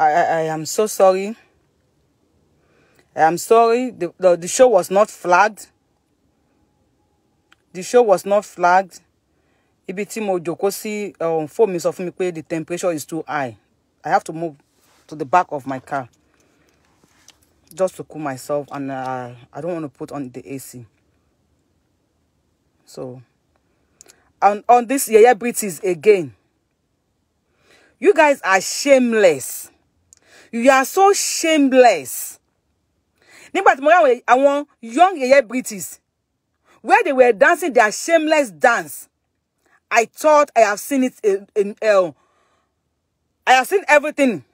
I, I, I am so sorry. I am sorry. The, the, the show was not flagged. The show was not flagged. Ibiti tí mo jókòó sí um, the temperature is too high. I have to move to the back of my car just to cool myself and uh, I don't want to put on the AC. So, and on this Yaya British again. You guys are shameless. you are so shameless nígbà tí mo rí àwọn young yeye British where they were dancing their shameless dance I thought I have seen it in, in uh, I have seen everything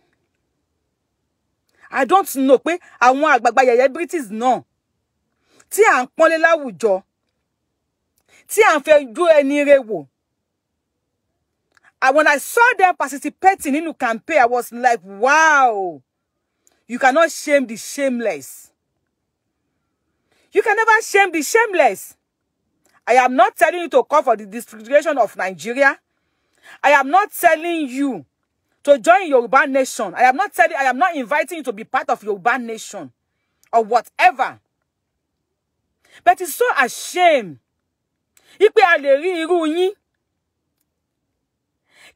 I don't know pé àwọn àgbààgbà yeye British náà tí à ń pọ́nlé láwùjọ tí à ń fẹ́ ju ẹni rẹ̀ wò And when I saw them participating in the campaign, I was like, wow, you cannot shame the shameless. You can never shame the shameless. I am not telling you to call for the distribution of Nigeria. I am not telling you to join Yoruba Nation. I am not telling, I am not inviting you to be part of Yoruba Nation or whatever. But it's so a shame. Ipe a lè rí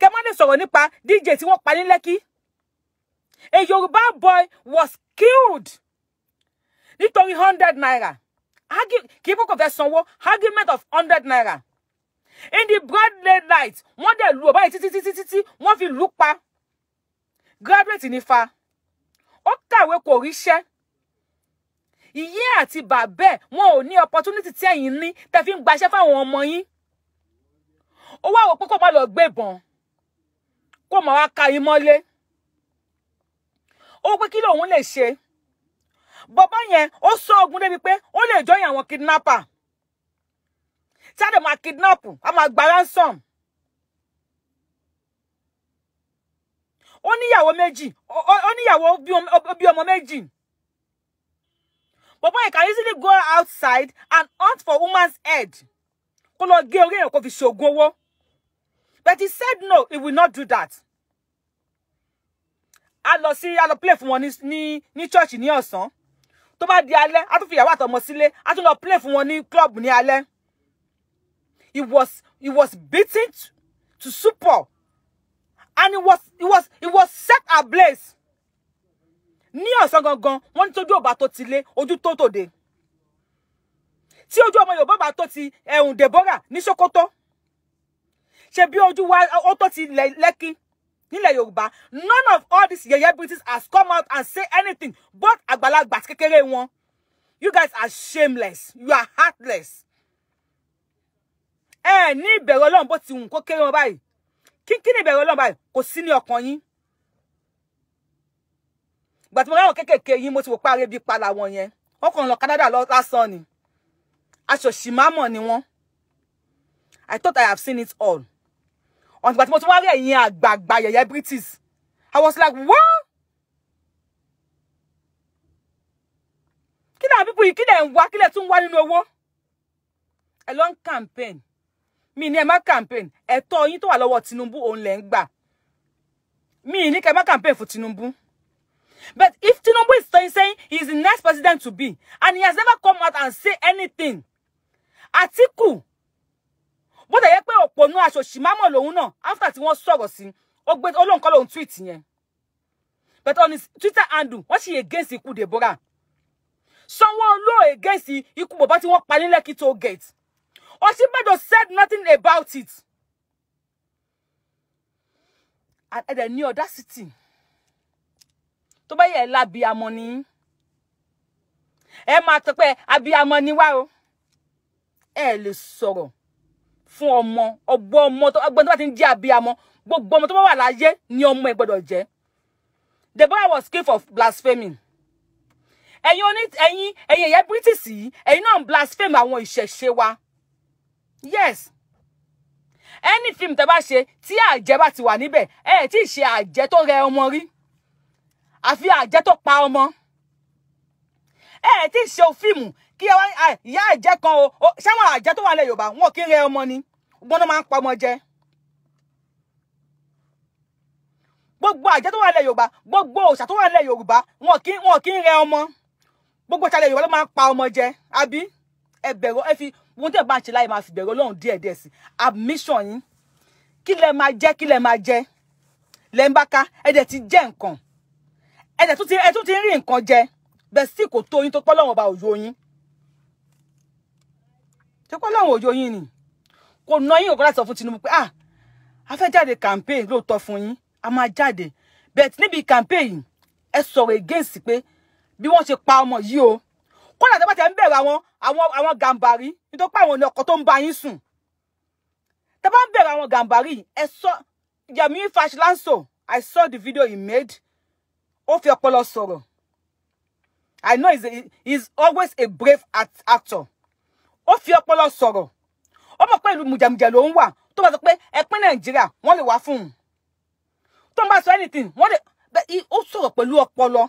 kẹ má lè sọ̀rọ̀ nípa dj tí wọ́n pa ní lẹ́kí a Yoruba boy was killed Nitori hundred naira kí kókò fẹ́ sanwó argument of hundred naira in the broad daylight wọ́n dẹ̀ lu ọ̀bá yìí títí títí títí wọ́n fi lù pa graduate nífa ó kàwé kò ríṣẹ́ Iye ati babe wọn ò ní opportunity ti ẹ̀yin ní tẹ́ fi ń gbaṣẹ́ fáwọn ọmọ yín ó wá wò pé kó má lọ gbébọn kó máa wá ka yín mọ́lé ó pé kí lòun lè ṣe bàbá yẹn ó sọ ogun débi pé ó lè jọyìn àwọn kidnapper tí a dẹ̀ máa kidnap a máa gba ransom ó níyàwó méjì ó níyàwó bí ọmọ méjì bàbá yẹn can easily go outside and hunt for woman's head kó lọ gé orí èèyàn kó fi ṣoògùn owó. But he said no, he will not do that. I lọ see. I lọ play for wọn Ni ni church ni osan. To ba di alẹ́, a tún fi yawa àtọmọ sílé, a tún lọ play for wọn ní club ni alẹ́. He was he was beaten to support and it was it was it was set ablaze Ni osan gangan wọ́n ní tójú ọba tó ti lé ojú tó tòde tí ojú ọmọ Yorùbá bá tó ti ẹ̀hùn Deborah ní Sokoto ṣe bí ojú wa ó tó ti lẹ́kí nílẹ̀ yorùbá none of all these yẹyẹ british has come out and say anything both àgbàlagbà àti kékeré you guys are shameless you are heartless Eh ni ìbẹ̀rù ọlọ́run bó ti wù kó kéré wọn báyìí kíkí ní ìbẹ̀rù ọlọ́run báyìí kò sí ní ọkàn yín ìgbà mo ráwọn kéékèèké yín mo ti wò parí ibi pala wọn yẹn wọn kàn lọ Canada lásán ni aṣòṣì mámọ̀ ni wọn I thought I have seen it all. On tìgbà tí mo tún wá rí ẹ̀yin àgbààgbà yẹ̀yẹ́ British I was like what kí ni àwọn pípọ̀ yìí kí lẹ̀ ń wá kí lẹ̀ tún wá nínú owó ẹ campaign mi ní ẹ má campaign ẹ̀tọ́ yín to wà lọ́wọ́ Tinubu òun lẹ̀ ń gbà mi ní kẹ́ má campaign fún Tinubu. But if Tinubu is saying, saying is the next president to be, and he has never come out and say anything, Atiku bó dẹ̀ yẹ pé òpònú aṣòṣìmámọ̀ lòun náà after tí wọ́n sọ̀rọ̀ sí ó gbé olóhùn kọ́ lòun tweet yẹn but on his Twitter handle wọ́n sì against ikú Deborah Sanwó-Olú against ikú bàbá tí wọ́n pa ní Lekki toll gate Ọ̀ṣínbàjò said nothing about it ẹ dẹ̀ ní audacity tó bá yẹ ẹ lábíamọ nìyí ẹ máa tọpẹ abiyamọ ni wá o ẹ lè sọ̀rọ̀ fún ọmọ ọgbọ ọmọ tó ọgbọ́n tó bá ti ń jẹ́ abiyamọ gbogbo ọmọ tó bá wà láyé ni ọmọ ẹ gbọ́dọ̀ jẹ́ Deborah was killed for blaspheming ẹ̀yin oní ẹ̀yin ẹ̀yin ẹ̀yẹ British yìí ẹ̀yin náà ń blaspheme àwọn ìṣẹ̀ṣe wa yes any film tẹ́ bá ṣe tí àjẹ́ bá ti wà níbẹ̀ ẹ ẹ̀ tí ì ṣe àjẹ́ tó rẹ ọmọ rí àfi àjẹ́ tó pa ọmọ ẹ ẹ̀ tí ì ṣe fíìmù kí ẹ wá ìyá àjẹ́ kan o ṣáwọn àjẹ́ tó wà lẹ Yorùbá wọn kí ń rẹ ọmọ ni gbọ́n máa ń pa ọmọ jẹ. gbogbo àjẹ́ tó wà lẹ Yorùbá gbogbo òòṣà tó wà lẹ Yorùbá wọn kí wọn kí ń rẹ ọmọ gbogbo ìṣàlẹ̀ Yorùbá ló máa ń pa ọmọ jẹ àbí ẹ bẹ̀rọ ẹ fi wọn tẹ̀ bá ń ṣe láì máa fi bẹ̀rọ Ọlọ́run díẹ̀ díẹ̀ sí admission yín kí lẹ máa jẹ kí lẹ máa jẹ lẹ ń bá ká ẹ dẹ̀ ti jẹ nǹkan ẹ dẹ̀ tún ti rí nǹkan jẹ bẹ́ẹ̀ sì kò tó yín tó pọ́ lọ́wọ́ ọba òjò yín tẹ́kọ́ láwọn òjò yín ni yin ná yín òkúra sọ fún Tinubu pé ah a fẹ́ jáde campaign lóòótọ́ fún yín a máa jáde bẹ́ẹ̀ níbi campaign yìí ẹ against pé bí wọ́n ṣe pa ọmọ yìí o kódà tó bá ti ń bẹ̀rù àwọn àwọn àwọn gàǹbàrí nítorí pé àwọn ọ̀nà ọkọ̀ tó ń ba yín sùn tó bá ń bẹ̀rù àwọn gàǹbàrí ẹ sọ Yẹmi Fashlanso I saw the video he made ó fi ọpọlọ sọ̀rọ̀ I know he's, a, he's always a brave act actor ó fi ọpọlọ sọ̀rọ̀ ó mọ̀ pé ìlú mùjàmùjà ló ń wà tó bá sọ pé ẹpín nàìjíríà wọ́n lè wá fún un tó ń bá sọ anything wọ́n lè ó sọ̀rọ̀ pẹ̀lú ọpọlọ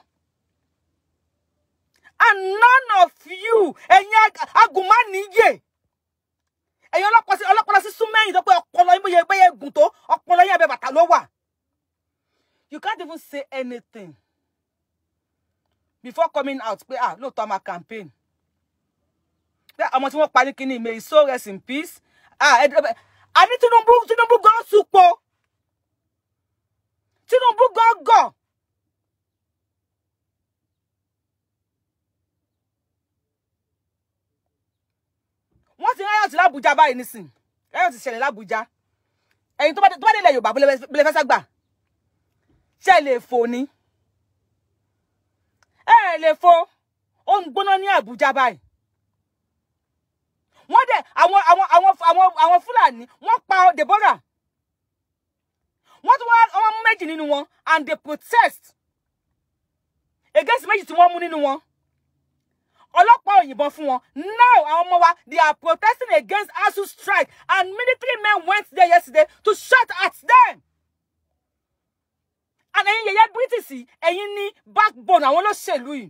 and none of you ẹ̀yin agùnmánìyè ẹ̀yin ọlọ́pọlọ sí súnmẹ́yìn tó pé ọpọlọ yín bóyá bóyá egun tó ọpọlọ yín abẹ bàtà ló wà you can't even say anything before coming out pé ah lóòótọ́ máa campaign pé ọmọ tí wọ́n pa ní kíní may so rest in peace a ní Tinubu Tinubu gan supo Tinubu gan gàn. wọ́n ti ráyọ̀tì lábújá báyìí nísìn ráyọ̀tì ṣẹlẹ̀ lábújá ẹ̀yin tó bá dé ilẹ̀ Yorùbá bílẹ̀ fẹ́ ságbà ṣe lè fò ní ẹ̀ lè fò ó ń gbóná ní Àbújá báyìí wọ́n dẹ̀ àwọn àwọn àwọn àwọn àwọn Fúlàní wọ́n pa Deborah wọ́n tún wọ́n mú méjì nínú wọn and they protest against méjì tí wọ́n mú nínú wọn ọlọ́pàá òyìnbọn fún wọn now àwọn ọmọ wa they are protesting against ASUU strike and military men went there yesterday to shout at them and ẹ̀yin yẹ̀yẹ́ British ẹ̀yin ní backbone àwọn olóṣèlú yìí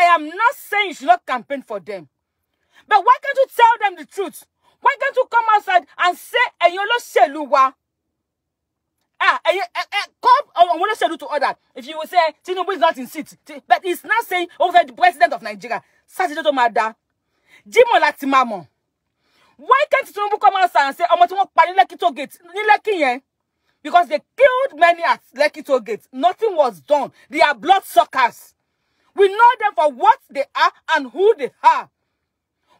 I am not saying you should not campaign for them But why can't you tell them the truth? Why can't you come outside and say, ẹ̀yin olóṣèlú wa? Ah, ẹ̀yin, eh, and call àwọn olóṣèlú to order. If you will say, Tinubu is not in seat. But he's not saying, over the president of Nigeria. Sátidé tó máa dá. Jímọ̀ láti Why can't Tinubu come outside and say, "I'm tí wọ́n pa ní Lekki toll gate? Lekki yẹn. Because they killed many at Lekki toll Nothing was done. They are blood suckers. We know them for what they are and who they are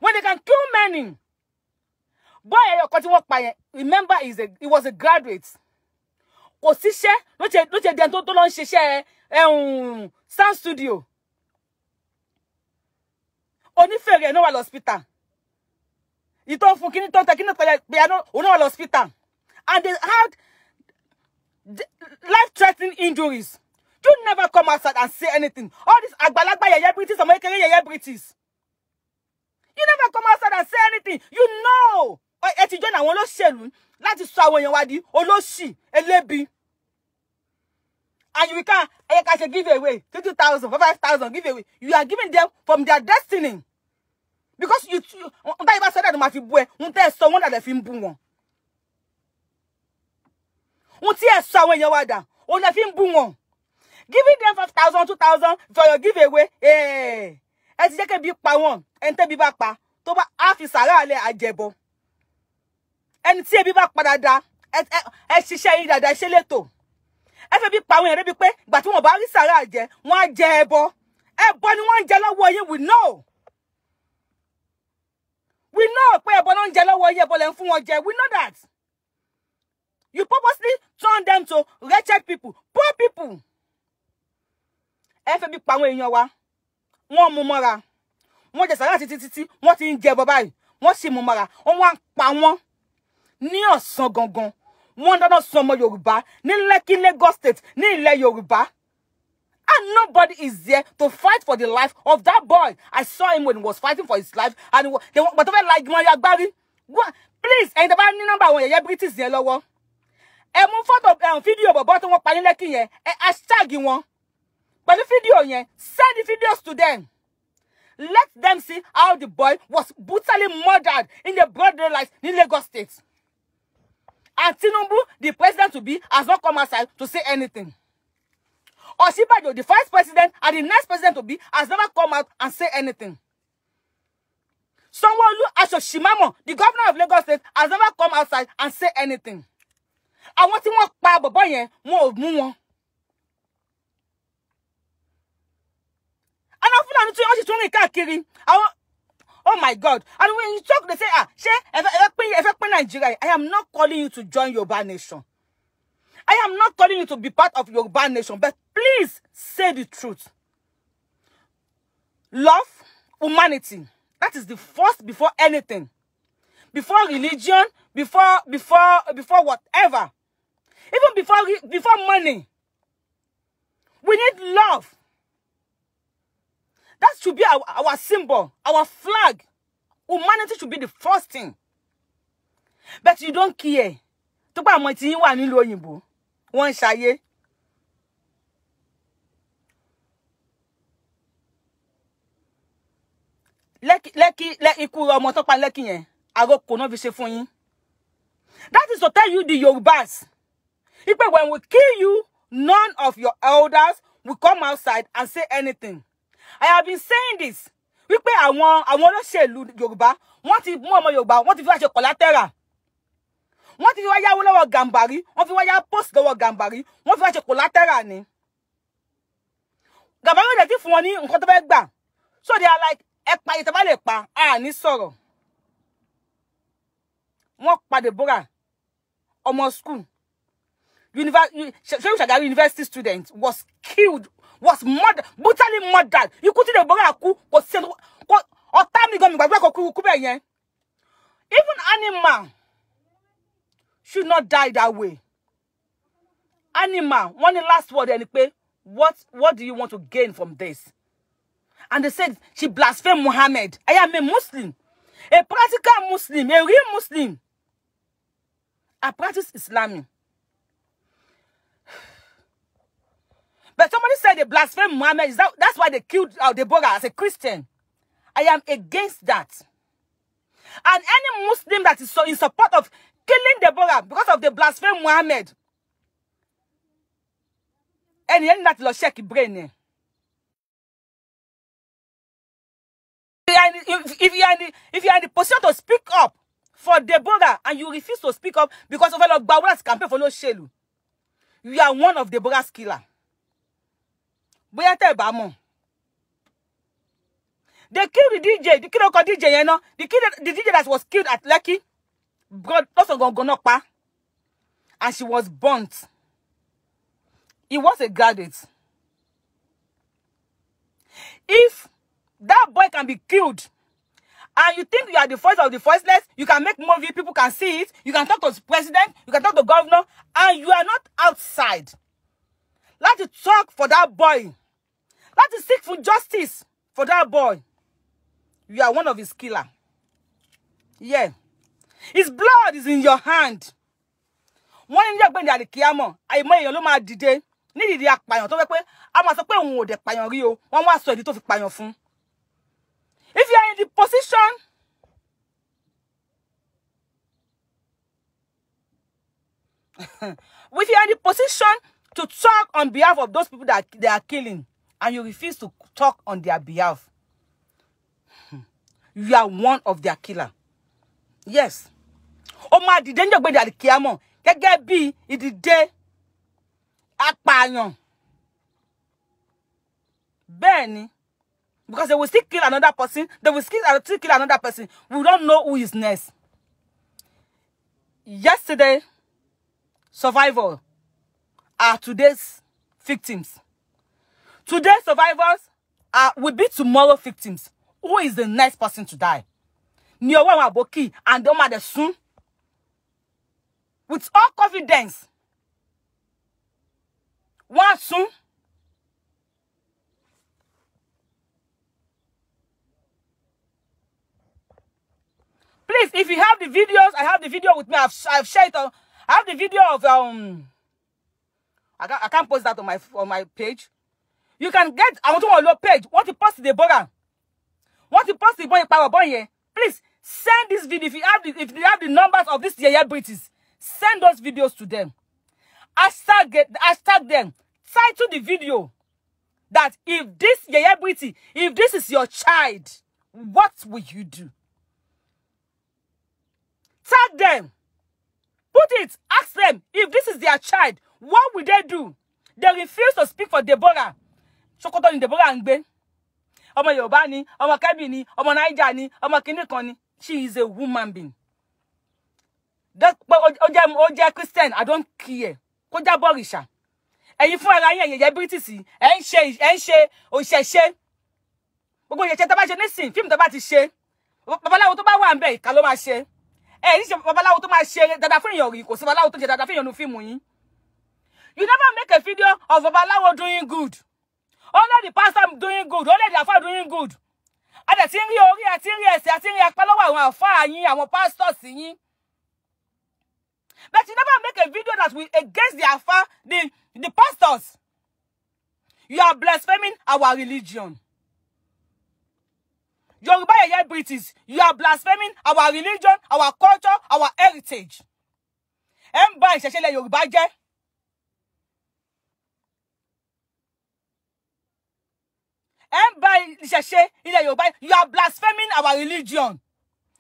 when they can kill many. Boy, ẹyọ kan tí by. Remember, he's a, he was a graduate. Kò síṣẹ́ ló ṣe ló ṣe dẹni tó tó lọ ń ṣiṣẹ́ ẹ̀hún um, sound studio. Onífèrè náà wà lọ́sítà. Ìtọ́ fún kíní tó ń tẹ kíní pẹ̀lẹ́ pẹ̀lẹ́ òun náà And they had life-threatening injuries. You never come outside and say anything. All these àgbàlagbà yẹ̀yẹ́ British, ọmọ kékeré yẹ̀yẹ́ British you never come outside and say anything you know ẹ ti join àwọn olóṣèlú láti sọ àwọn èèyàn wa di olóṣì elébi and you can ẹ ká ṣe give away two thousand for five thousand give away you are giving them from their destiny because you báyìí bá sọ dáadáa máa fi bu ẹ ń tẹ́ ẹ sọ wọ́n dàdẹ fi ń bu wọn ń tí ẹ sọ àwọn èèyàn wa dà òun lẹ fi ń bu wọn giving them five thousand two thousand for your give away ẹ ti jẹ́ kẹ́bi pa wọ́n ẹni tẹ́bi bá pa tó bá á fi sàárà alẹ́ àjẹbọ ẹni tí ebi bá pa dáadáa ẹ ṣiṣẹ́ yín dáadáa ṣe létò ẹ fẹ́ bí pa àwọn èèyàn débi pé ìgbà tí wọ́n bá rí sàárà jẹ wọ́n á jẹ ẹbọ ni wọ́n ń jẹ lọ́wọ́ we know we know pé ẹbọ ló ń jẹ lọ́wọ́ yín ẹbọ lẹ́ ń fún wọn we know that you purposely turn them to wretched people poor people ẹ fẹ́ bí pa àwọn èèyàn wa wọ́n mú mọ́ra wọ́n jẹ sàrà títí títí wọ́n ti ń jẹ bọ́ báyìí wọ́n sì mú mara wọ́n wá ń pa wọ́n ní ọ̀sán gangan wọ́n dáná sun ọmọ Yorùbá ní Lekki Lagos State ní ilẹ̀ Yorùbá and nobody is there to fight for the life of that boy I saw him when he was fighting for his life and he was pàtó fẹ́ la ìgbìmọ̀ ya gbárí please ẹ̀yin tó bá ní nọ́mbà àwọn yẹ̀yẹ́ British yẹn lọ́wọ́ ẹ mú fọ́tò fídíò bọ̀bọ́ tí wọ́n pa ní Lekki yẹn ẹ hashtag wọn pẹ̀lú fídíò yẹn send the videos to them. Let them see how the boy was brutally murdered in the broad daylight in Lagos State. And Tinubu, the president to be, has not come outside to say anything. Oshibajo, the first president and the next president to be, has never come out and say anything. Someone Sanwo-Olu Ashoshimamo, the governor of Lagos State, has never come outside and say anything. Àwọn tí wọ́n pa bọ̀bọ́ yẹn, boy more mú wọn. àwọn fúlàní tí wọ́n sì tún rìn káàkiri àwọn oh my god and when you talk they say ah ṣé ẹ fẹ́ pín ẹ fẹ́ pín nàìjíríà i am not calling you to join yorùbá nation i am not calling you to be part of yorùbá nation but please say the truth love humanity that is the first before anything before religion before before before whatever even before before money we need love That should be our, our symbol, our flag. Humanity should be the first thing. But you don't care. To pa àwọn tí yín wà nílùú òyìnbó. Wọ́n ṣayé. Lẹ́kì lẹ́kì lẹ́ ikú ọmọ tó pa lẹ́kì yẹn. Àròkò náà fi ṣe fún yín. That is to tell you the Yorubas. Ipe when we kill you, none of your elders will come outside and say anything. I have been saying this We pay àwọn àwọn olóṣèlú Yorùbá wọ́n ti mú ọmọ Yorùbá wọ́n ti fi wá ṣe collateral wọ́n ti fi wá yáwó lọ́wọ́ Gàmbàrí wọ́n fi wá yá post lọ́wọ́ Gàmbàrí wọ́n fi wá ṣe collateral ni Gàmbàrí ò dẹ̀ ti fún wọn ní nǹkan tó fẹ́ gbà so they are like ẹ pa ìtàn bá lè pa a ní sọ̀rọ̀ wọ́n pa Deborah ọmọ school University. Shagari university student was killed was murdered brutally murdered ikú tí Deborah kú kò sí kò ọ̀tá mi gan mi gbàgbé kò kú bẹ́ẹ̀ yẹn even animal should not die that way animal One last word ẹni pé what what do you want to gain from this and they said she blasphemed Muhammad I am a Muslim a practical Muslim a real Muslim I practice Islam. But somebody said they blasphemed Muhammad. That, that's why they killed uh, Deborah as a Christian. I am against that. And any Muslim that is so in support of killing Deborah because of eh? the blasphemed Muhammad. Ẹni ẹni láti lọ ṣẹ́ẹ̀kì brain If you are in the if you are the position to speak up for Deborah and you refuse to speak up because of a lot of campaign for no shelu, you are one of Deborah's killer bóyá tẹ́ ẹ̀ bá mọ̀ they killed the DJ the kilo kan DJ yẹn náà the kill the DJ that was killed at Lekki lọ́sàn gangan náà pa and she was burnt he was a graduate if that boy can be killed and you think you are the voice of the voiceless, you can make movie, people can see it, you can talk to the president, you can talk to the governor, and you are not outside. Like to talk for that boy. Let us seek for justice for that boy you are one of his killer yeah his blood is in your hand wọ́n ní ní ọ̀gbẹ́ni àdìkíámọ̀ àìmọ̀ èèyàn ló máa dìde nídìí apààyàn tó fẹ́ pé a máa sọ pé òun ò dẹ̀ pààyàn rí o wọ́n wá sọ ìdí tó fi pààyàn fún. if you are in the position if you are in the position to talk on behalf of those people that they are killing and you refuse to talk on their behalf, hmm. you are one of their killer. Yes. Ó máa the ní ọ̀gbẹ́dẹ̀ àlìkíámọ̀ gẹ́gẹ́ bí ìdìde apààyàn. Bẹ́ẹ̀ ni, because they will still kill another person, they will still, uh, still kill another person. We don't know who is next. Yesterday, survival. are today's victims. Today, survivors are, will be tomorrow victims. Who is the next person to die? Ní ọwọ́ and ọmọ àdẹ sún. With all confidence, one soon. Please, if you have the videos, I have the video with me. I've, I've shared it. On, I have the video of um. I can't, I can't post that on my on my page you can get àwọn tó wọ́n lo page wọ́n ti post the bora wọ́n ti post ìbọn ìparọ̀bọ yẹn please send this video if you have the if you have the numbers of these yeye British send those videos to them hashtag get hashtag them title the video that if this yeye British if this is your child what will you do tag them put it ask them if this is their child what will they do they refuse to speak for Deborah Sokoto ni Deborah ń gbé ọmọ ni ọmọ Kebbi ni ọmọ Naija ni ọmọ kinní ni she is a woman being pé ó jẹ́ ó jẹ́ Christian I don't care kó já bọ̀rìṣà ẹ̀yin fún ara yín ẹ̀yin ẹ̀yẹ British ẹ̀ ń ṣe ẹ̀ ń ṣe òṣèṣe gbogbo ìyẹ̀ṣẹ̀ tó bá ṣe nísìn fíìmù tó bá ti ṣe babaláwo tó bá wà ń bẹ̀ ìka ló máa ṣe ẹ̀ ń ṣe babaláwo tó máa ṣe dáadáa fún èèyàn rí kò sí babaláwo tó ṣe dáadáa fún èèyàn nu film yín you never make a video of babaláwo doing good only the pastor doing good only the àfáà doing good a dẹ̀ ti ń rí orí a ti ń rí ẹsẹ̀ a ti ń rí apá lọ́wọ́ àwọn àfáà yín pastors yín but you never make a video that will against the àfáà the the pastors you are blaspheming our religion. Yoruba Yeye British, you are blaspheming our religion, our culture, our heritage. Mba, ń ba ìṣẹ̀ṣe ilẹ̀ ẹ ń ba ìṣẹ̀ṣe ilẹ̀ yorùbá you are blaspheming our religion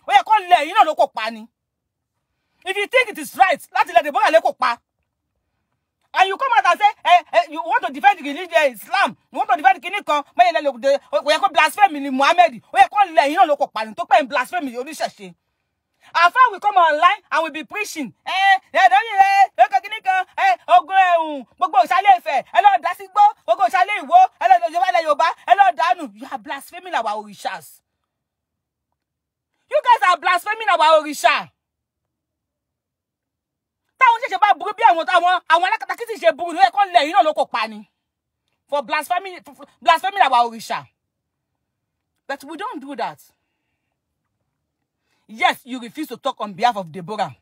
ó yẹ kó lẹ̀ yín náà ló kò pa ni if you think it is right láti lẹ̀ dìbò lè kò pa and you come out and say eh, eh, you want to defend religion islam you want to defend kinní kan bẹ́ẹ̀ lẹ́ lòdì ó yẹ kó blaspheme ni muhammed ó yẹ kó lẹ̀ yín náà ló kò pa ni tó pẹ́ ń blaspheme oníṣẹ̀ṣe àfa we come online and we be preaching eh, eh, eh, orishas. You guys are blaspheming about orisha. Táwọn ṣẹ̀ṣẹ̀ bá burú bí àwọn àwọn àwọn alákatakítí ṣe burú ló yẹ kán lẹ̀ náà ló kò pa ni for blaspheming blaspheming about orisha. But we don't do that. Yes, you refuse to talk on behalf of Deborah.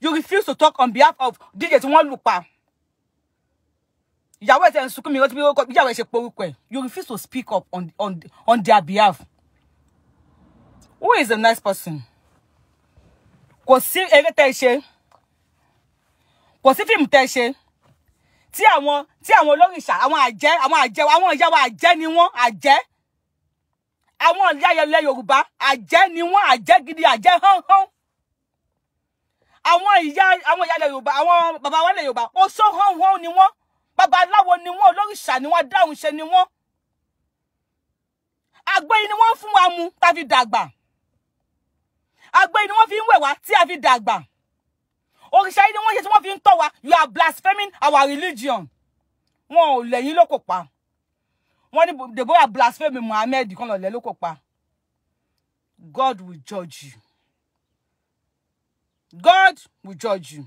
You refuse to talk on behalf of DJ tí wọ́n ìyàwó ẹ̀ tẹ̀ ń sunkún mi rántí bí ìyàwó ẹ̀ you refuse to speak up on, on, on their behalf who is a nice person kò sí eré tẹ́ ṣe kò sí fíìmù tẹ́ ṣe tí àwọn tí àwọn olórìṣà àwọn àjẹ́ àwọn àjẹ́ àwọn ìyàwó àjẹ́ ni wọ́n àjẹ́ àwọn ìyáyẹlẹ yorùbá àjẹ́ ni wọ́n àjẹ́ gidi àjẹ́ hánhán àwọn ìyá àwọn ìyáyẹlẹ yorùbá àwọn bàbá wọn lè yorùbá oṣó hánhán ni wọ́n babaláwo ni wọ́n olóríṣà ni wọ́n dáhùn ṣe ni wọ́n àgbẹ̀yìn ni wọ́n fún wa mu tá a fi dàgbà àgbẹ̀yìn ni wọ́n fi ń wẹ̀ wá tí a fi dàgbà òrìṣà yìí ni wọ́n ṣe tí wọ́n fi ń tọ́ wa you are blaspheming our religion wọn ò lẹ́yìn ló kò pa wọ́n ní Deborah blaspheme Muhammed kan lọ̀lẹ́ ló kò pa God will judge you God will judge you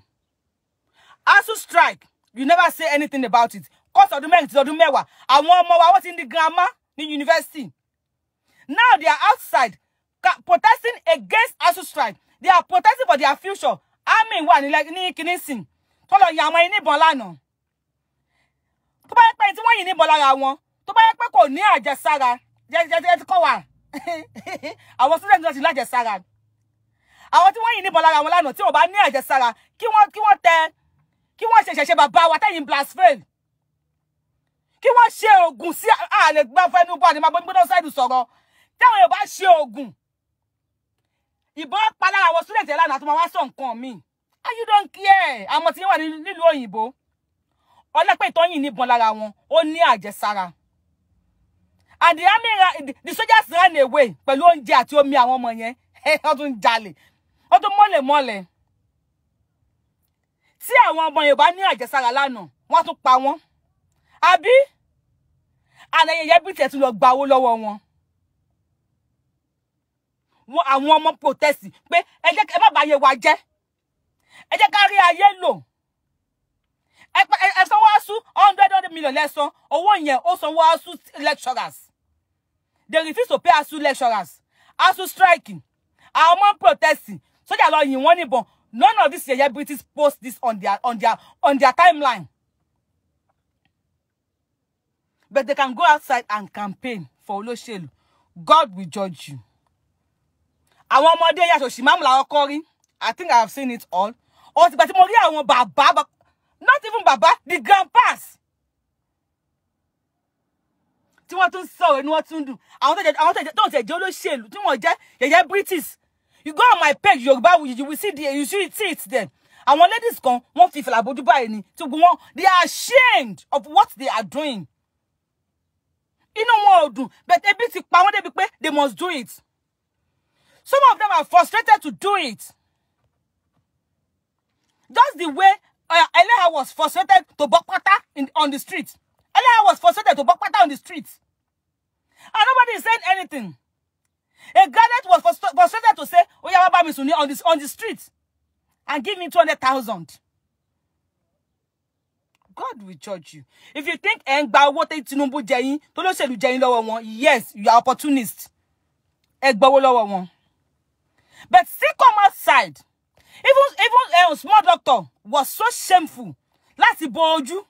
Asu strike you never say anything about it Cause course ọdún mẹ́rin ti ọdún mẹ́wàá I want more. I was in the grammar ní university now they are outside protesting against ASUU strike they are protesting for their future I mean, one like sìn tó lọ yìn àwọn oníbọn lánàá tó bá yẹ pé tí wọ́n yìn níbọn lára wọn tó bá yẹ pé kò ní àjẹsára jẹjẹjẹ ti kọ́ wa àwọn student náà ti ní àjẹsára àwọn tí wọ́n yìn níbọn lára wọn lánàá tí wọ́n bá ní àjẹsára kí kí wọ́n ṣẹ̀ṣẹ̀ ṣe bàbá wa tẹ́yìn blasphemy kí wọ́n ṣe oògùn sí àlè gbá fẹ́nu bọ́ àdìmọ́ gbọ́dọ̀ sẹ́ẹ̀dù sọ̀rọ̀ táwọn Yorùbá ṣe oògùn ìbọn palára àwọn student ẹ̀ lánàá tó máa wá sọ nǹkan mi ah, you don't care àwọn tí wà nílùú òyìnbó ọlẹ́pẹ́ ìtọ́yìn níbọn lára wọn ó ní àjẹsára and the army the soldiers ran away pẹ̀lú oúnjẹ àti omi àwọn ọmọ yẹn wọ́n tún jalè wọ́n tún mọ́lẹ̀mọ́lẹ̀ tí àwọn ọmọ Yorùbá ní àjẹsára lánàá wọ́n tún pa wọ́n àbí àlẹyẹyẹ bí tẹ̀ tún lọ gba owó lọ́wọ́ wọn wọn àwọn ọmọ protest pé ẹ jẹ́ ẹ má bàa yẹ wa jẹ́ ẹ jẹ́ ká rí ayé lò ẹ sanwó asu hundred hundred million lẹ́sàn owó yẹn ó sanwó asu lecturers they refuse to pay asu lecturers asu striking àwọn ọmọ protest sójà lọ yìn wọ́n níbọn None of these celebrities post this on their on their on their timeline. But they can go outside and campaign for Olóṣèlú. God will judge you. Àwọn ọmọdé yàtọ̀ ṣìmáàmù So kọ́ rí. I think I have seen it all. Ó ti gbà tí mo Baba, àwọn not even Baba, the grandpas. You want to and Tí wọ́n tún sọ̀rọ̀ ni wọ́n tún dùn. Àwọn tó ń jẹ́ olóṣèlú tí wọ́n jẹ́ yẹ̀yẹ́ British you go on my page Yoruba you will see the you see it then àwọn ladies kan wọ́n fi fìlà bojú báyìí ni tí gbogbo wọn they are ashamed of what they are doing You know what I'll do. but ebi ti pa wọ́n débi pé they must do it some of them are frustrated to do it just the way uh, Eleha was frustrated to bokpata in on the street Eleha was frustrated to bokpata on the street and nobody said anything. A graduate was frustrated to say, "Oh, yá, wá bá mi sùn on this on the street and give me 200,000. God will judge you. If you think ẹ ń gba owó tí Tinubu jẹ yín, tó lóṣèlú jẹ yín yes, you are opportunist. Ẹ gbowó lọ́wọ́ wọn. But see, come outside. Even even uh, small doctor was so shameful. Láti bo you.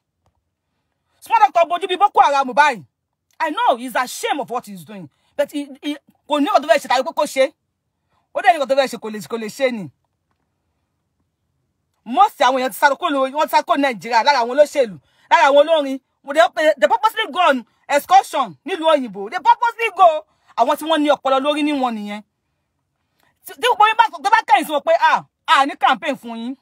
Small doctor bojú bí Boko Haram báyìí. I know he's ashamed of what he's doing. But he, he, kò ní ọ̀dọ́ fẹ́ ṣe tàbí pé kò ṣe ó dẹ̀ ní ọ̀dọ́ fẹ́ ṣe kò lè kò lè ṣe ni mọ́ọ̀sì àwọn èèyàn ti sáré kúrò wọ́n ti sáré kúrò nàìjíríà lára àwọn olóṣèlú lára àwọn olórin they purposely go on excursion nílùú òyìnbó they purposely go àwọn tí wọ́n ní ọpọlọ lórí níwọ̀n nìyẹn tí gbogbo yín bá tó bá kẹ́yìn sí wọn pé ah ah ní campaign fún yín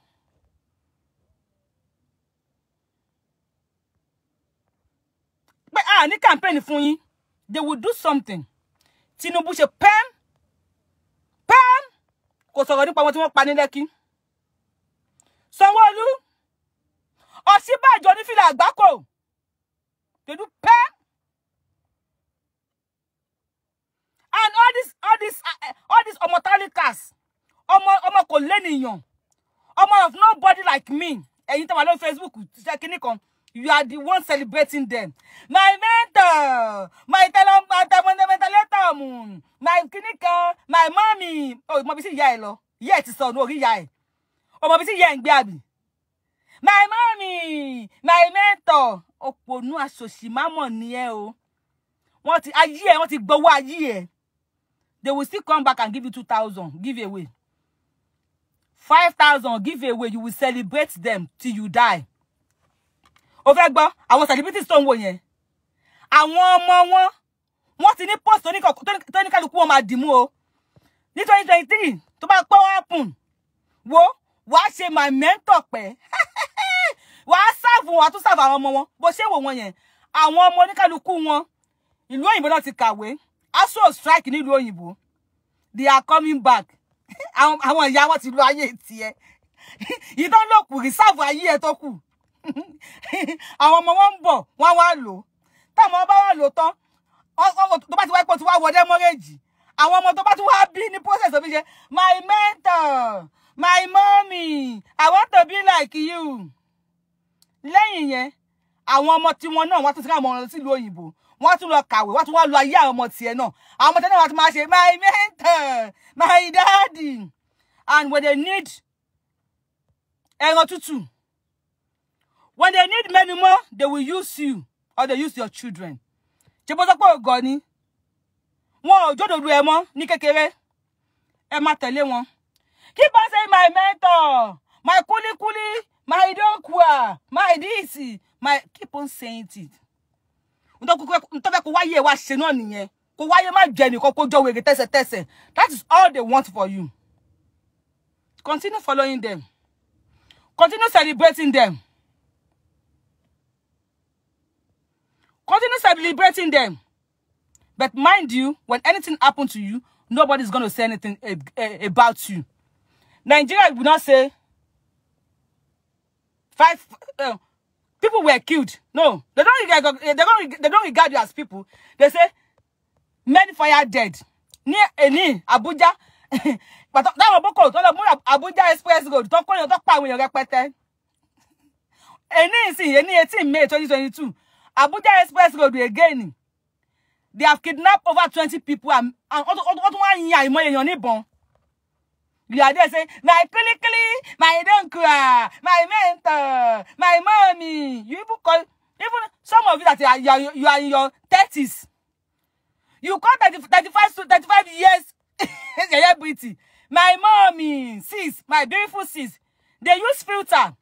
pé ah ní campaign fún yín they will do something Tinubu ṣe pẹ́m pẹ́m kò sọ̀rọ̀ nípa wọn tí wọ́n pa ní Lẹ́kí Sanwó-Olú Ọ̀ṣínbàjò onífìlà àgbákò tẹ̀lú pẹ́m and all this all this uh, all this ọmọ tálíkàs ọmọ ọmọ kò lẹ́nìyàn ọmọ of nobody like me ẹ̀yin tó wà lórí Facebook ṣe kinní kan. You are the one celebrating them. My mentor, my talent, my talent, my clinical, my mommy. Oh, mo bi sí ìyá ẹ lọ. Ìyá ẹ ti sọnù orí ìyá ẹ. E. O oh, mo bi e My mommy, my mentor. Oh, aṣòṣì mámọ̀ ni ẹ́ e o. Wọ́n ti ayé ẹ̀, wọ́n ti gbowó ayé ẹ̀. They will still come back and give you 2,000 give away. 5,000 give away. You will celebrate them till you die o fẹ́ gbọ́ àwọn celebrities tó ń wò yẹn àwọn ọmọ wọn wọ́n ti ní post tóníkàlùkù wọn máa dìmú o ní twenty twenty three tó bá pọ́ open wo wàá ṣe my mentor pẹ́ wàá sáàfù wọn àtúnṣàfù àwọn ọmọ wọn bó ṣe wò wọn yẹn àwọn ọmọ oníkàlùkù wọn ìlú òyìnbó náà ti kàwé aso strike nílùú òyìnbó they are coming back àwọn ìyá wọn ti lo ayé tiẹ̀ ìdánlọ́kù rìsáàfù ayé ẹ tó kù àwọn ọmọ wọn ń bọ̀ wọ́n wá lò táwọn ọmọ bá wà lò tán tó bá ti wá pọ̀ tí wá wọdé mọ́rẹ́jì àwọn ọmọ tó bá ti wá bí ní process of ṣe my mentor my mommy i want to be like you lẹ́yìn yẹn àwọn ọmọ tiwọn náà wọ́n tún síra àwọn ọmọ sílùú òyìnbó wọ́n tún lọ kàwé wọ́n tún wá lọ ayé àwọn ọmọ tiẹ̀ náà àwọn ọmọ tiẹ̀ náà wọ́n tún máa ṣe my mentor my daddy and when they need ẹran tútù When they need many more, they will use you or they use your children. Ṣé Ogoni, sọ pé ògọ̀ ni? Wọn ò jódòdó ẹ mọ́ ní kékeré. Ẹ máa tẹ̀lé Keep on saying my mentor, my kuli kuli, my donkwa, my this, my keep on saying it. Ntọ́fẹ́ kó wáyé wa ṣe náà nìyẹn. Kó wáyé má jẹ nìkan kó jọ wèrè tẹ́sẹ̀tẹ́sẹ̀. That is all they want for you. Continue following them. Continue celebrating them. Continue celebrating them. But mind you, when anything happens to you, nobody's going to say anything eh, about you. Nigeria would not say, five uh, people were killed. No, they don't, regard, eh, they, don't, they don't regard you as people. They say, men fire dead. Near Eni, Abuja, but that Boko, that Abuja Express go. don't call your dog power when you're Eni, see, Eni, 18 May 2022. Abuja Express Road again. They have kidnapped over 20 people and what one year ìmọ̀ èèyàn níbọn. You are there saying, my clinically, my uncle, ah, my mentor, my mommy. You even call, even some of you that you are, you are in your 30s. You call 30, 35, 35 years celebrity. My mommy, sis, my beautiful sis. They use filter.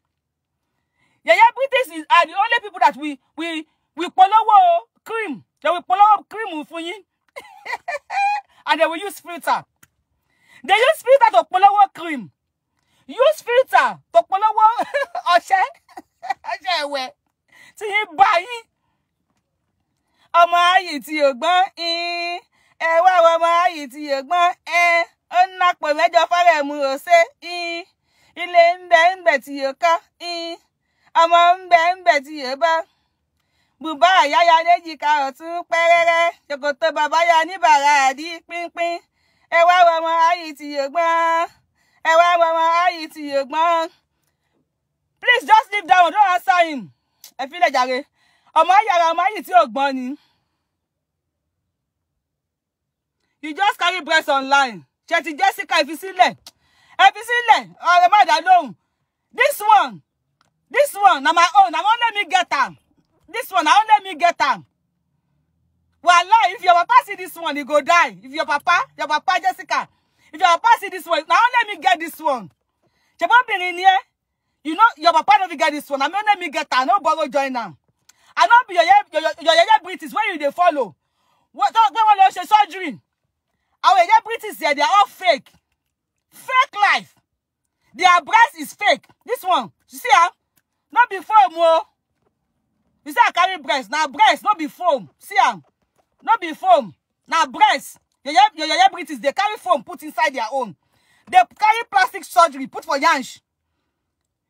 Yeye British are the only people that we, we, ìpolówó cream they will polówó cream fún yín and they will use filter they use filter to polówó cream use filter to polówó ọṣẹ ọṣẹ ìwẹ̀ tí yín bá yín ọmọ ayé tí yóò gbọ́n ẹ wá ọmọ ayé tí yóò gbọ́n ẹ ó ń nàpọ̀ mẹ́jọ fọ́rẹ̀ mu ò ṣe ilé ń bẹ ń bẹ tí yóò kọ́ ọmọ ń bẹ ń bẹ bùbá àyáyá léjìká ọ̀tún pẹ́rẹ́rẹ́ ṣòkòtò bàbá ya níbàrà àdí pínpín ẹ wá wọmọ ayì tí yóò gbọ́n ẹ wá wọmọ ayì tí yóò gbọ́n please just leave that one don't answer him ẹ fi lẹ̀ jàre ọmọ ayàrá ọmọ ayì tí yóò gbọ́n ni you just carry breast online ṣètì Jessica ẹ fi sílẹ̀ ẹ fi sílẹ̀ ọ̀rẹ́ má dá lóhùn this one this one na my own na one let me get am. This one, now let me get them. Well, if your papa see this one, he go die. If your papa, your papa Jessica, if your papa see this one, now let me get this one. Chebobinrin ni eh. You know, your papa no get this one. I mean, let me get am. No bother join am. I know be your your your, your, your British where you they follow. What don't go on your surgery. Our your British there, they are all fake. Fake life. Their breast is fake. This one, you see her? Not before more. Oh you say i carry breast Now breast not be foam see am not be foam Now breast your your your british they carry foam put inside their own They carry plastic surgery put for yansh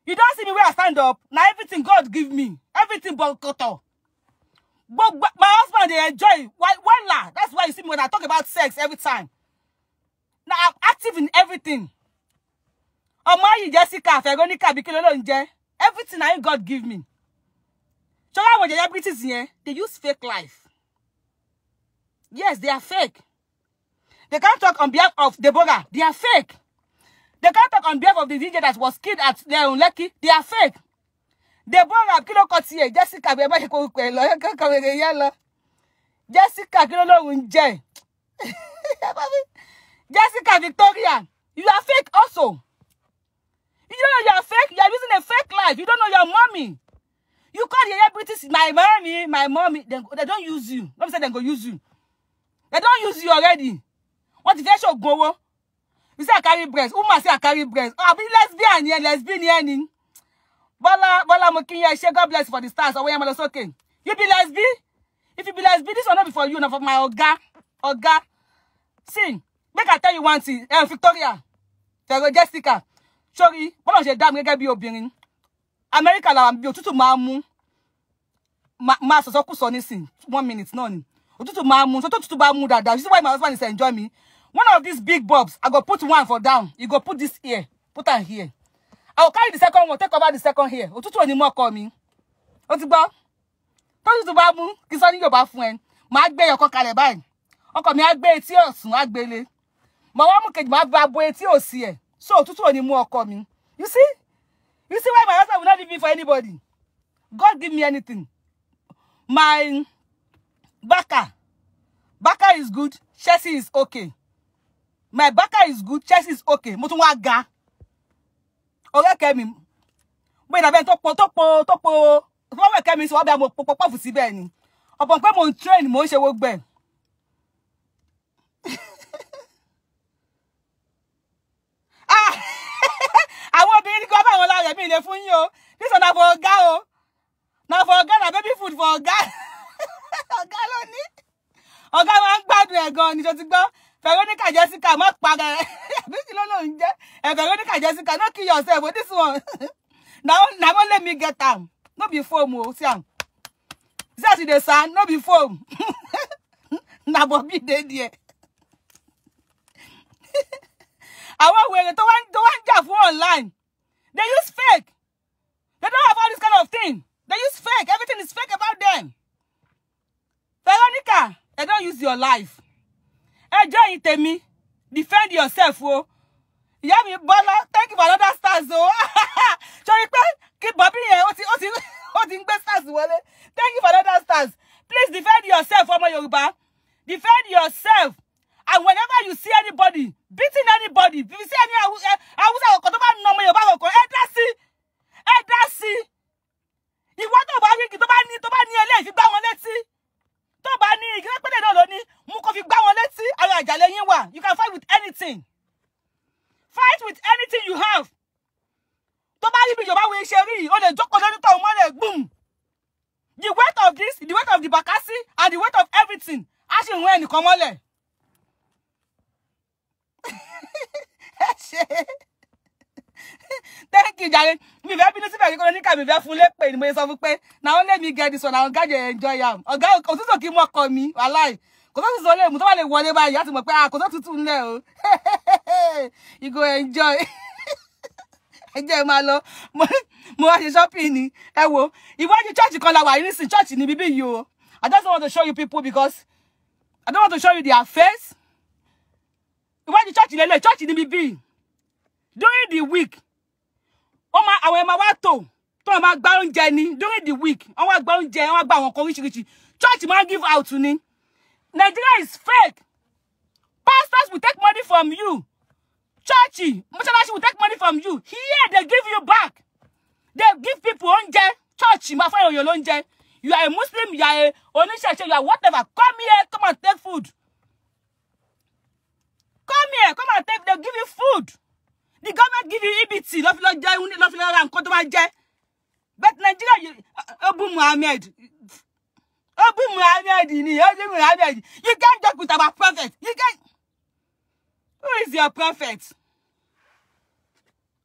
you don't see me where i stand up Now everything god give me everything but bokoto But my husband they enjoy Why why la? that's why you see me when i talk about sex every time Now i'm active in everything ọmọ ayi jessica veronica bikin ló ń jẹ everything I him god give me ṣọwọ́ àwọn celebrities yẹn they use fake life yes they are fake they can't talk on behalf of Deborah they are fake they can't talk on behalf of the DJ that was killed at um, Lekki they are fake Deborah kí ló Jessica bẹ́ẹ̀ bá ṣe Jessica kí Jessica Victoria you are fake also you don't know you are fake you are using a fake life you don't know your mommy You call the British my mommy, my mommy. They, they don't use you. Let me say they go use you. They don't use you already. What if they show go? You say I carry breast. must say I carry breast. Oh, ah, I be lesbian, yeah, lesbian, yeah. Bola, Bola Mokinya, she God bless for the stars. Away, I'm okay. You be lesbian? If you be lesbian, this one not be for you, not for my Oga. Oga. See, make I tell you one thing. Eh, Victoria. Jessica. Sorry, Bola, she damn, gẹ́gẹ́ bí obìnrin amẹ́ríkà làwà bí òtútù máa mú máa sọ̀sọ́kùsọ nísìn one minute náà ni òtútù máa mú sọ́tò òtútù bá mú dáadáa this is why my husband is enjoy me one of these big bulbs i go put one for down you go put this here put am here i go carry the second one take over the second here òtútù ò ní mọ́ ọkọ mi ó ti gbọ́ tọ́jú tó bá mú kí sọ ní yorùbá fún ẹ màá gbé ọkọ kalẹ̀ báyìí ọkọ mi á gbé etí ọ̀sùn á gbélé màá wá mú kejì màá bá bo etí òsì ẹ̀ so òtútù ò ní mú ọkọ mi you see You see why my husband will not leave me for anybody? God give me anything. My Baka. Baka is good. Chelsea is okay. My Baka is good. Chelsea is okay. Mo tún wá ga. Ọ̀rẹ́ Kẹ́mi. Bó ìdàbẹ́ tó topo topo topo. tó po. Fọ́wọ́ Kẹ́mi sọ wá bí mo pọ̀ pọ̀ fù síbẹ̀ ni. Ọ̀pọ̀ pé mo ń train mo ń ṣe gbogbo ẹ̀. mi lè fún yín this one na for ọ̀gá o na for ọ̀gá na baby food for ọ̀gá ọ̀gá ló ní ọ̀gá máa ń gbádùn ẹ̀ gan ni tó ti gbọ́ Veronica Jessica má para ẹ̀ bí kí ló lóun jẹ́ ẹ̀ Veronica Jessica no kill yourself o this one Now, now, let me get am no be foam o see am zet dey san no be foam na bobby dey there àwọn wèrè tó wá ń jà fún online They use fake. They don't have all this kind of thing. They use fake. Everything is fake about them. Veronica, they don't use your life. Enjoy it, me. Defend yourself, oh. Ìyá mi Bọ́lá, thank you for another stars, oh. Keep pé kí Bobby best ó ti stars Thank you for another stars. Please defend yourself, ọmọ Yoruba. Defend yourself and whenever you see anybody beating anybody if you see any eh, awusa kọ̀ọ̀kan I bá na ọmọ yorùbá kọ̀ọ̀kan ẹ dá sí ẹ dá sí ìwọ tó bá ní tó bá ní tó bá ní eléyìí fi gbá wọn létí tó bá ní ìgbésẹ̀ pété náà ló ní mú kó fi gbá wọn létí ara àjàlẹ̀ yín wà you can fight with anything fight with anything you have tó bá rí bí yorùbá wo iṣẹ́ rí o lè jókòó lórí tó mọ́lẹ̀ gbùm the weight of this the weight of the bakasi and the weight of everything a sì you come ẹnìkan mọ́lẹ̀. thank you jare mi fẹ́ bínú síbẹ̀ kíkọ́ lóníkà mi fẹ́ fún lépè ni mo sọ fún pé na wọn get this one àwọn gájẹ enjoy am ọ̀gá òtútù kí mọ́ kọ mi wàláì kò tó tutù lè mú tó bá lè wọlé báyìí to mọ̀ pé ah, kò tó tutù ńlẹ̀ o you go enjoy ẹ jẹ́ máa lọ mo wá ṣe shopping ni ẹ wo ìwájú church kan la wà yìí nísìnyí church ni bíbí yìí o I just want to show you people because I don't want to show you their face iwájú church lélẹ̀ church níbi bíi during the week ó máa àwọn ẹ̀ máa wá tò tó máa gba oúnjẹ ni during the week wọ́n wá gba oúnjẹ wọ́n wá gba àwọn nǹkan oríṣiríṣi church máa give out ni Nigeria is fake pastors will take money from you church mọ́ṣáláṣí will take money from you here they give you back they give people oúnjẹ church máa fẹ́ ìròyìn lóúnjẹ you are a Muslim you are a oníṣẹ̀ṣe you are whatever come here come and take food that time they give you food the government give you ebt lọ fi lọ jẹ lọ fi lọ ra nǹkan tó máa jẹ but Nigeria uh, Obu Muhammad Obu Muhammad ni Obu Muhammad you can't talk with our prophet you can't who is your prophet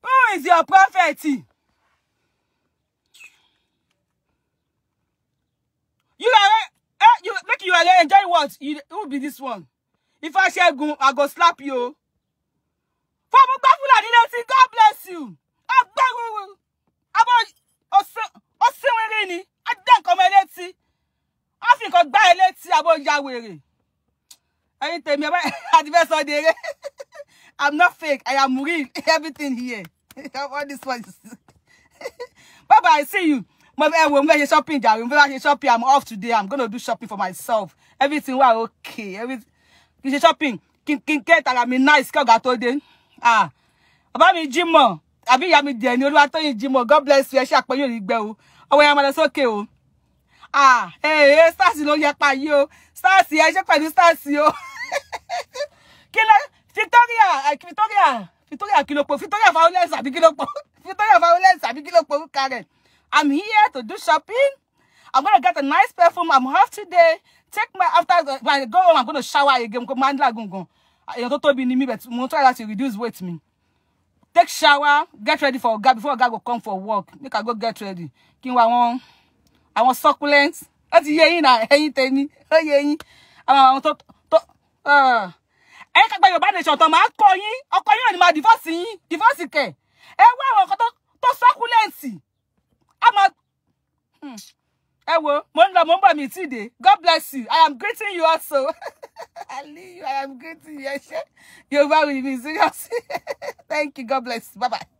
who is your prophet. You are eh, you make you are enjoy what? You who be this one? If I share I go slap you. Fọ́mùgbẹ́ Fúlàní létí God bless you. Agbẹ́rúurú. Abọ́ òsínwìnrin ni. Adé nǹkan ọmọ elétí. Wọ́n fi nǹkan gbá elétí abọ́ ya wèrè. Ẹyin tèmi ẹ bá àdìbẹ́ sọ de eré. I'm not fake. I am real. Everything here. All this one is. bye. I see you. mo fẹ́ wo mo fẹ́ ṣe shopping jàre mo fẹ́ ṣe shopping i'm off today i'm gonna do shopping for myself everything wa okay everything ṣe shopping kí n kí n kẹ́ tara mi nice kí ọ̀gá tó dé ah bàbá mi Jimoh àbí ìyá mi dẹ̀ ni Olúwatóyìn Jimoh god bless you ẹ ṣe àpẹyọ yìí gbẹ o ọwọ́ yẹn máa lọ sókè o ah hey. stars ló yẹ pa yìí o stars ẹ ṣe pẹ̀lú stars o kí ló Victoria Victoria Victoria kí ló po Victoria Violence àbí kí ló po Victoria Violence àbí kí ló po Karen I'm here to do shopping. I'm gonna get a nice perfume. I'm off today. Take my after my go home. I'm gonna shower again. Go mandla gungun èèyàn tó tóbi ni mí but mo try to reduce weight Me, take shower get ready for oga before oga will come for work make i go get ready kí n wá àwọn àwọn succulents That's the yé yín náà ẹ̀yin tèmi ó yé yín àwọn àwọn tó tó ah. ẹ̀yin kàgbà yorùbá nation tán máa kọ yín ọkọ yín náà ni divorce divorce kẹ ẹ wá àwọn nǹkan tó succulents a máa hmm. ẹ wo mo ń lọ mo God bless you I am greeting you also. you, I am good to you. Yoruba will me. serious. Thank you. God bless. Bye bye.